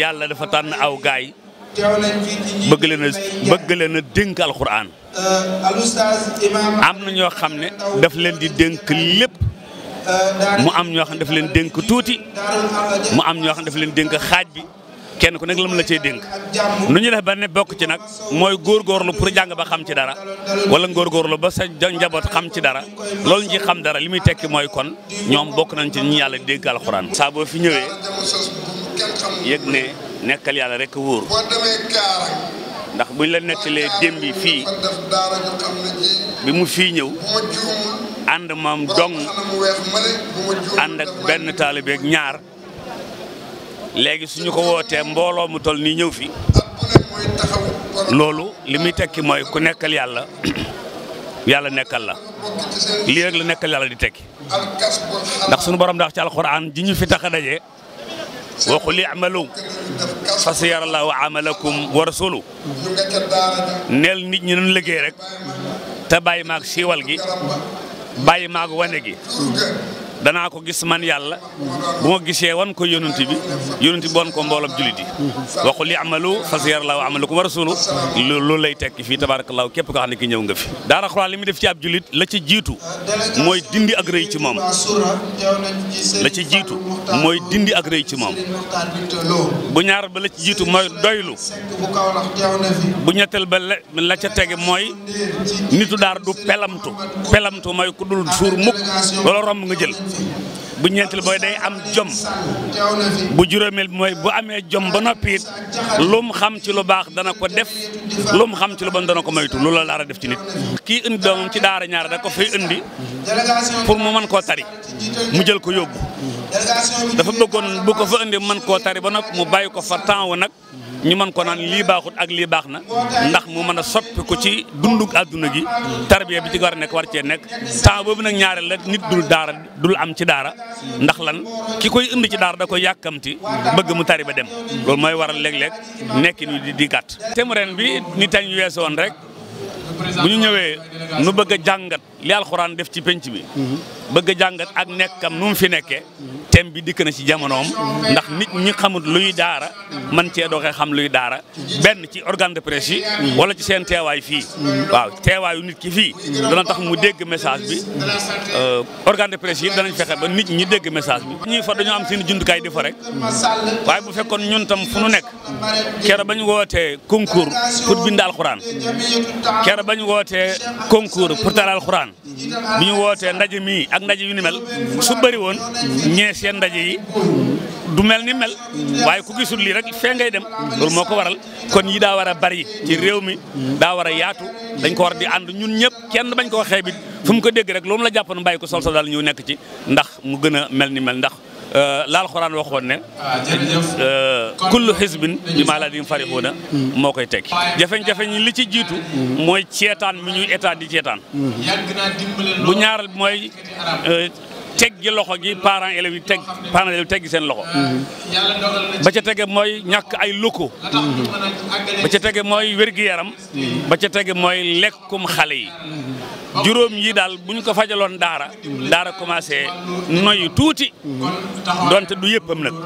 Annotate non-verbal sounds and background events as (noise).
yàlla dafa tànn aw gaay bëgg leen a leen a dénk alxuraan euh, am na ñoo xam ne daf leen di dénk lépp euh, mu am ñoo xam ne daf leen dénk tuuti mu am ñoo daf leen dénk xaaj bi kenn ku nekk lam la cay dénk nu ñu def ba ne bokk ci nag mooy góor góorgóorlu pour jàng ba xam ci dara wala góorgóorlu ba sa njaboot xam ci dara loolu ñu ci xam dara li muy tekki mooy kon ñoom bokk nañ ci ñu yàlla dénk alxuraan saa fi ñëwee yëg ne nekkal yàlla rekk wóor ndax buñ la nettalee démbi fii bi mu fii ñëw ànd moom doŋ ànd ak benn taalibe ñaar léegi suñu ko wootee mbooloo mu toll ni ñëw fi loolu li muy tekki mooy ku nekkal yàlla (clears throat) yàlla nekkal la lii rek la nekkal yàlla di tekki ndax suñu borom ndax ci alxuraan ji ñu fi tax daje wa qul i'malu fa sayara Allahu amalakum wa rasuluhu neel nit ñi nañ liggéey rek te bàyyi maag siiwal gi bàyyi maag wane gi danaa ko gis man yàlla bu ma gisee wan ko yonent bi yonent bi wan ko mboolom julit yi waxu li amalu fasiyara laahu amalakum wa rasulu loolu lay tekki fii tabaarakallaahu képp ko xam ne ki ñëw nga fi daara Alxuraan li mu def ci ab julit la ci jiitu mooy dindi ak rëy ci moom la jiitu mooy dindi ak ci moom bu ñaar ba la ci jiitu mooy doylu bu ñetteel ba la ca tege mooy nitu daar du pelamtu pelamtu mooy ku dul suur mukk wala romb nga jël bu ñeenteel mooy day am jom bu juróomeel mooy bu amee jom ba noppi it lum xam ci lu baax dana ko def lum xam ci lu bon dana ko moytu loolu la daara def ci nit kii indi doomam ci daara ñaar da ko fay indi pour mu mën koo tari mu jël ko yóbbu dafa bëggoon bu ko fa indi mën koo tari ba nopp mu bàyyi ko fa temps wu ñu mën ko naan lii baaxut ak lii baax na ndax mu mën a soppi ko ci dunduk àdduna gi tarbiya bi ci war a nekk war cee nekk temps boobu nag ñaare la nit dul daara dul am ci daara ndax lan ki koy indi ci daara da koy yàkkamti bëgg mu tari ba dem loolu mooy waral léeg-léeg nekkin wi di gàtt temu ren bi ni tañ weesu woon rek bu ñu ñëwee nu bëgg a jàngat li alxuraan def ci penc bi bëgg a jàngat ak nekk nu mu fi nekkee thème bi dikk na ci jamonoom ndax nit ñi xamut luy daara man cee doxee xam luy daara benn ci organe de presse yi wala ci seen teewaay fii waaw teewaayu nit ki fii dana tax mu dégg message bi euh, organe de presse yi danañ fexe ba nit ñi dégg message bi ñuy fa dañoo am seen jumtukaay di fa rek waaye bu fekkoon ñun tam fu nu nekk keroog bañ wootee concours pour bind alxuraan keroog bañ wootee ñu wootee ndaje mi ndaje yu ni mel su bari woon ñee seen ndaje yi du mel ni mel waaye ku gisul lii rek fee ngay dem loolu moo ko waral kon yi daa war a bari ci réew mi daa war a yaatu dañ ko war di ànd ñun ñëpp kenn bañ koo xeebit fu mu ko dégg rek loolu la jàppoon bàyyi ko sol sol daal ñëw nekk ci ndax mu gën a mel ni mel ndax Euh, laal xuraan waxoon ne. Euh, kullu xisbin bi maa ladayhim farixuuna moo koy tekk jafe jafeñ li ci jiitu. mooy ceetaan mi ñuy état di ceetaan. bu ñaaral mooy. teg gi loxo gi parent élèves yi teg parents teg gi seen loxo. ba ca tege mooy ñàkk ay locaux. ba ca tege mooy wér-gu-yaram. ba ca tege mooy lekkum xale yi. juróom yi daal buñ ko fajaloon daara daara commencé noyyi tuuti donte du yëppam nag